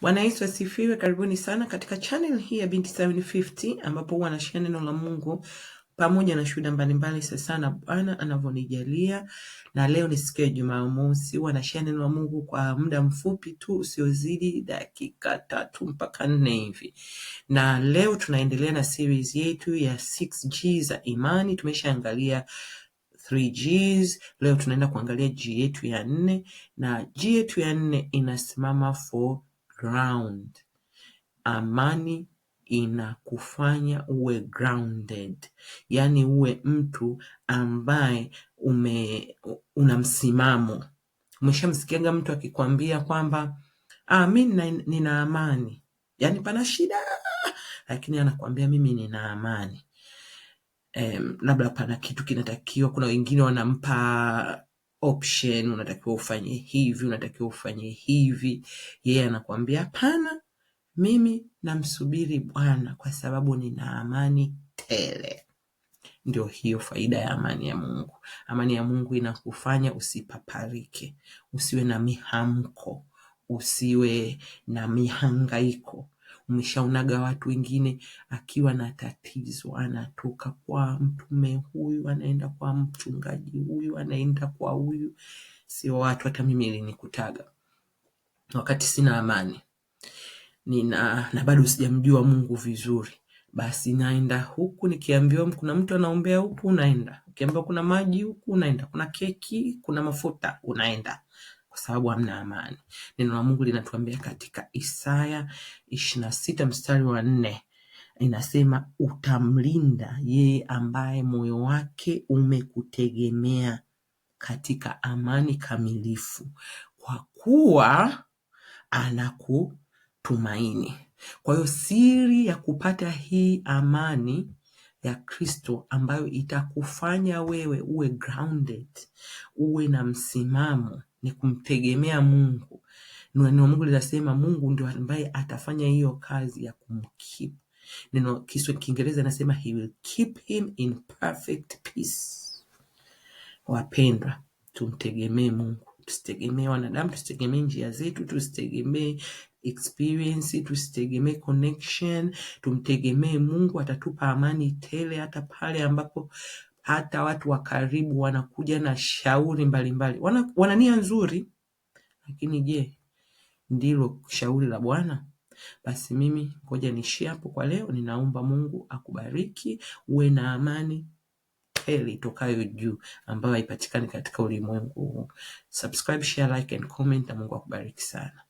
Bwana Yesu asifiwe. Karibuni sana katika channel hii ya Binti 750 ambapo huwa anashia neno la Mungu pamoja na shuhuda mbalimbali sana Bwana anavyonijalia. Na leo ni siku ya Jumamosi, huwa anashia neno la Mungu kwa muda mfupi tu usiozidi dakika tatu mpaka nne hivi, na leo tunaendelea na series yetu ya 6G za imani. Tumeshaangalia 3 Gs. Leo tunaenda kuangalia G yetu ya nne, na G yetu ya nne inasimama for ground. Amani inakufanya uwe grounded, yaani uwe mtu ambaye ume una msimamo. Umeshamsikiaga mtu akikwambia kwamba ah, mimi nina, amani, yaani pana shida, lakini anakuambia mimi nina amani eh, labda pana kitu kinatakiwa. Kuna wengine wanampa option, unatakiwa ufanye hivi, unatakiwa ufanye hivi. Yeye anakuambia hapana, mimi namsubiri Bwana kwa sababu nina amani tele. Ndio hiyo faida ya amani ya Mungu. Amani ya Mungu inakufanya usipaparike, usiwe na mihamko, usiwe na mihangaiko, Mshaonaga watu wengine akiwa na tatizo, anatoka kwa mtume huyu anaenda kwa mchungaji huyu anaenda kwa huyu. Sio watu, hata mimi ilinikutaga wakati sina amani nina na bado sijamjua Mungu vizuri, basi naenda huku nikiambiwa kuna mtu anaombea huku, unaenda. Ukiambiwa kuna maji huku, unaenda. Kuna keki, kuna mafuta, unaenda kwa sababu hamna amani. Neno la Mungu linatuambia katika Isaya ishirini na sita mstari wa nne inasema utamlinda yeye ambaye moyo wake umekutegemea katika amani kamilifu, kwa kuwa anakutumaini. Kwa hiyo siri ya kupata hii amani ya Kristo ambayo itakufanya wewe uwe grounded, uwe na msimamo ni kumtegemea Mungu. Neno Mungu linasema Mungu ndio ambaye atafanya hiyo kazi ya kumkeep. Neno kiswa Kiingereza nasema he will keep him in perfect peace. Wapendwa, tumtegemee Mungu, tusitegemee wanadamu, tusitegemee njia zetu, tusitegemee experience, tusitegemee connection, tumtegemee Mungu. Atatupa amani tele hata pale ambapo hata watu wa karibu wanakuja na shauri mbalimbali mbali. wana nia nzuri lakini je ndilo shauri la bwana basi mimi ngoja niishie hapo kwa leo ninaomba mungu akubariki uwe na amani tele itokayo juu ambayo haipatikani katika ulimwengu huu subscribe share like and comment na mungu akubariki sana